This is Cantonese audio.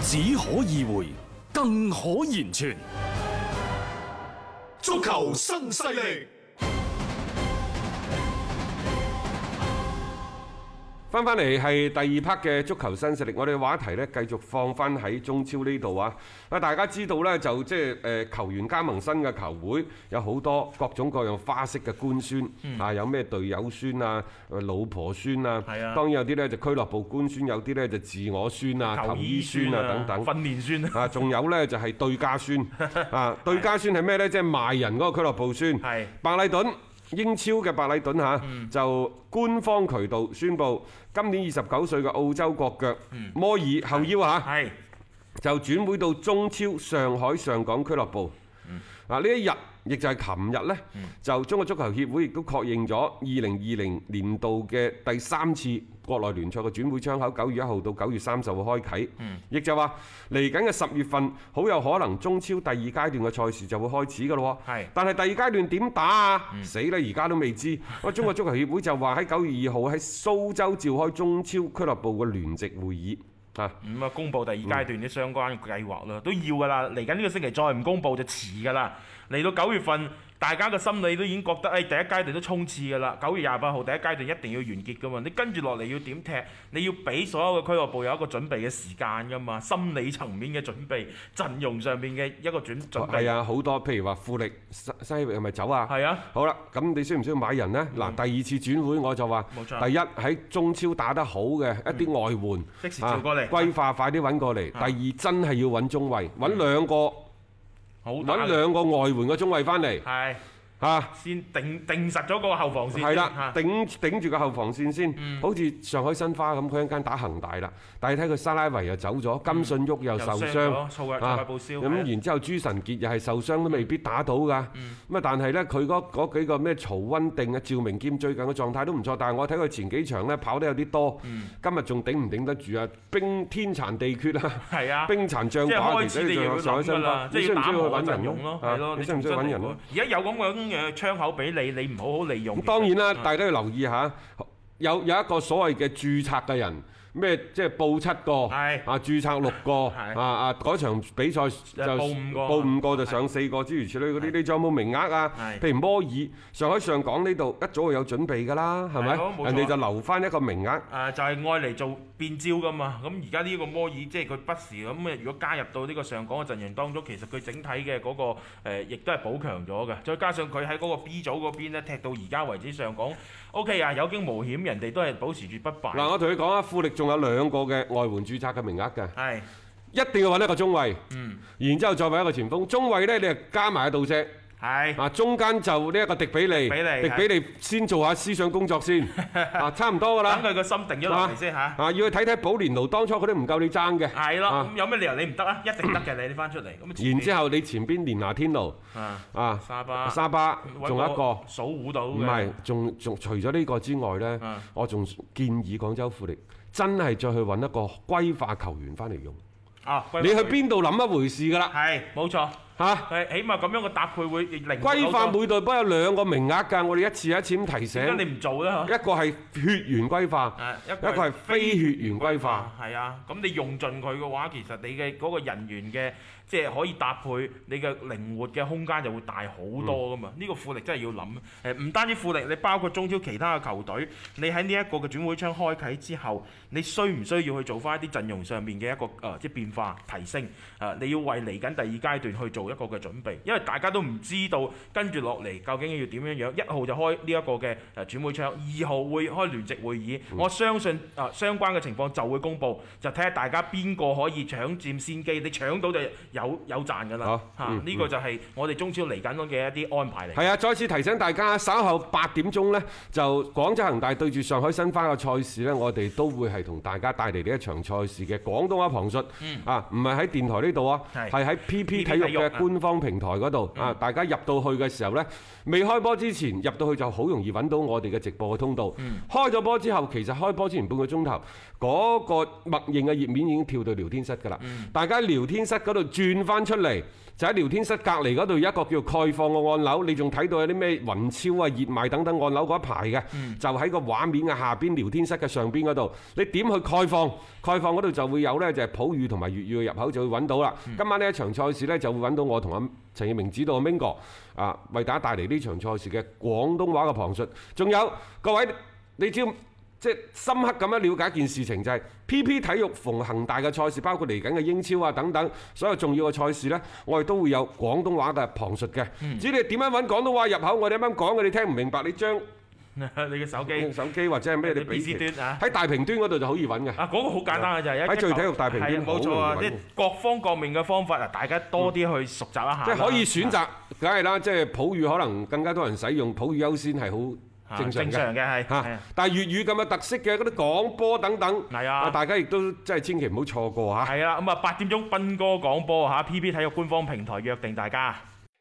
只可意會，更可言傳，足球新勢力。翻翻嚟係第二 part 嘅足球新勢力，我哋話題咧繼續放翻喺中超呢度啊！啊，大家知道咧就即、是、係球員加盟新嘅球會有好多各種各樣花式嘅官宣，啊、嗯、有咩隊友宣啊、老婆宣啊，是的 當然有啲咧就俱樂部官宣，有啲咧就自我宣啊、球衣宣啊等等，訓練宣啊，仲有咧就係對家宣啊， 對家宣係咩咧？即、就、係、是、賣人嗰個俱樂部宣，係白禮頓。英超嘅白禮頓下就官方渠道宣布，今年二十九歲嘅澳洲國腳、嗯、摩爾後腰下是的 就轉會到中超上海上港俱樂部。嗱呢一日亦就係琴日咧，嗯、就中國足球協會亦都確認咗二零二零年度嘅第三次國內聯賽嘅轉會窗口九月一號到九月三十號開啓，亦、嗯、就話嚟緊嘅十月份好有可能中超第二階段嘅賽事就會開始噶咯喎。係，但係第二階段點打啊？嗯、死啦！而家都未知。中國足球協會就話喺九月二號喺蘇州召開中超俱樂部嘅聯席會議。咁啊、嗯，公布第二階段啲相關計劃咯，都要噶啦。嚟緊呢個星期再唔公布就遲噶啦。嚟到九月份。大家嘅心理都已經覺得，誒，第一階段都衝刺㗎啦。九月廿八號第一階段一定要完結㗎嘛。你跟住落嚟要點踢？你要俾所有嘅俱樂部有一個準備嘅時間㗎嘛。心理層面嘅準備，陣容上面嘅一個準準備。係啊，好多譬如話富力西域約係咪走啊？係啊是的。好啦，咁你需唔需要買人呢？嗱，第二次轉會我就話，嗯、第一喺中超打得好嘅、嗯、一啲外援，即時過嚟，歸化、啊、快啲揾過嚟。是的 第二真係要揾中衞，揾兩個。揾兩個外援嘅中衛翻嚟。嚇，先定定實咗個後防線，係啦，頂頂住個後防線先。好似上海申花咁，佢一間打恒大啦。但係睇佢沙拉維又走咗，金信煜又受傷，咁然之後朱辰傑又係受傷，都未必打到㗎。咁啊，但係咧，佢嗰嗰幾個咩曹贇定啊、趙明劍最近嘅狀態都唔錯，但係我睇佢前幾場咧跑得有啲多。今日仲頂唔頂得住啊？冰天殘地缺啦，係啊，兵殘將寡，而且仲要上海申花，即係要打去揾人用咯，係咯，你需唔需要揾人？而家有咁樣。窗口俾你，你唔好好利用。當然啦，是的 大家要留意下，有有一個所謂嘅註冊嘅人。咩即係報七個，啊是的 註冊六個，是的 啊啊嗰場比賽就，就報五個，啊，就上四個諸如此類嗰啲你仲有冇名額啊，是的 譬如摩爾上海上港呢度一早就有準備㗎啦，係咪？人哋就留翻一個名額，啊，誒就係愛嚟做變招㗎嘛。咁而家呢個摩爾即係佢不時咁誒，如果加入到呢個上港嘅陣營當中，其實佢整體嘅嗰、嗰個亦、呃、都係補強咗嘅。再加上佢喺嗰個 B 組嗰邊踢到而家為止，上港 OK 啊，有驚無險，人哋都係保持住不敗。嗱、啊，我同你講啊，富力仲有兩個嘅外援注冊嘅名額嘅，係一定要揾一個中衛。嗯，然之後再揾一個前鋒。中衛咧，你係加埋一道啫。係啊，中間就呢一個迪比利，迪比利先做下思想工作先，啊，差唔多噶啦，等佢個心定咗落嚟先嚇。啊，要去睇睇保連奴，當初佢都唔夠你爭嘅。係咯，咁有咩理由你唔得啊？一定得嘅，你翻出嚟。咁然之後，你前邊連拿天奴，啊，沙巴，沙巴，仲有一個數五到。唔係，仲仲除咗呢個之外咧，我仲建議廣州富力真係再去揾一個歸化球員翻嚟用。啊，你去邊度諗一回事噶啦？係，冇錯。嚇，誒、啊、起碼咁樣嘅搭配會靈活。歸化每隊都有兩個名額㗎，我哋一次一次咁提醒。你唔做啦，一個係血緣歸化，啊、一個係非血緣歸化。係啊，咁你用盡佢嘅話，其實你嘅嗰個人員嘅即係可以搭配，你嘅靈活嘅空間就會大好多㗎嘛。呢、嗯、個富力真係要諗誒，唔單止富力，你包括中超其他嘅球隊，你喺呢一個嘅轉會窗開啟之後，你需唔需要去做翻一啲陣容上面嘅一個誒、呃、即係變化提升？誒、呃，你要為嚟緊第二階段去做。一個嘅準備，因為大家都唔知道跟住落嚟究竟要點樣樣。一號就開呢一個嘅誒轉會窗，二號會開聯席會議。嗯、我相信相關嘅情況就會公布，就睇下大家邊個可以搶佔先機，你搶到就有有賺㗎啦。嚇，呢個就係我哋中超嚟緊嘅一啲安排嚟。係啊，嗯嗯、再次提醒大家稍後八點鐘呢，就廣州恒大對住上海申花嘅賽事呢，我哋都會係同大家帶嚟呢一場賽事嘅廣東阿彭述廣東話旁述，嗯、啊，唔係喺電台呢度啊，係喺是 PP 體育嘅。官方平台嗰度啊，大家入到去嘅時候咧，未開波之前入到去就好容易揾到我哋嘅直播嘅通道。開咗波之後，其實開波之前半個鐘頭，嗰個默認嘅頁面已經跳到聊天室㗎啦。大家聊天室嗰度轉翻出嚟，就喺聊天室隔離嗰度有一個叫蓋放嘅按鈕，你仲睇到有啲咩雲超啊、熱賣等等按鈕嗰一排嘅，就喺個畫面嘅下邊聊天室嘅上邊嗰度，你點去蓋放？開放嗰度就會有呢，就係普語同埋粵語嘅入口就會揾到啦。今晚呢一場賽事呢，就會揾到我同阿陳耀明指導阿 Mingo 啊，為大家帶嚟呢場賽事嘅廣東話嘅旁述。仲有各位，你只要即深刻咁樣了解一件事情，就係 PP 體育逢恒大嘅賽事，包括嚟緊嘅英超啊等等所有重要嘅賽事呢，我哋都會有廣東話嘅旁述嘅。至於你點樣揾廣東話入口，我哋啱啱講嘅，你聽唔明白，你將。你嘅手機，手機或者係咩？你 PC 端啊，喺大屏端嗰度就好易揾嘅。啊，嗰個好簡單嘅就係一個。喺最體育大屏端好。係冇錯啊！啲各方各面嘅方法啊，大家多啲去熟習一下。即係可以選擇，梗係啦，即係普語可能更加多人使用，普語優先係好正常嘅。正常嘅係。嚇！但係粵語咁嘅特色嘅嗰啲廣播等等，係啊，大家亦都真係千祈唔好錯過嚇。係啊，咁啊八點鐘斌哥廣播嚇，PP 體育官方平台約定大家。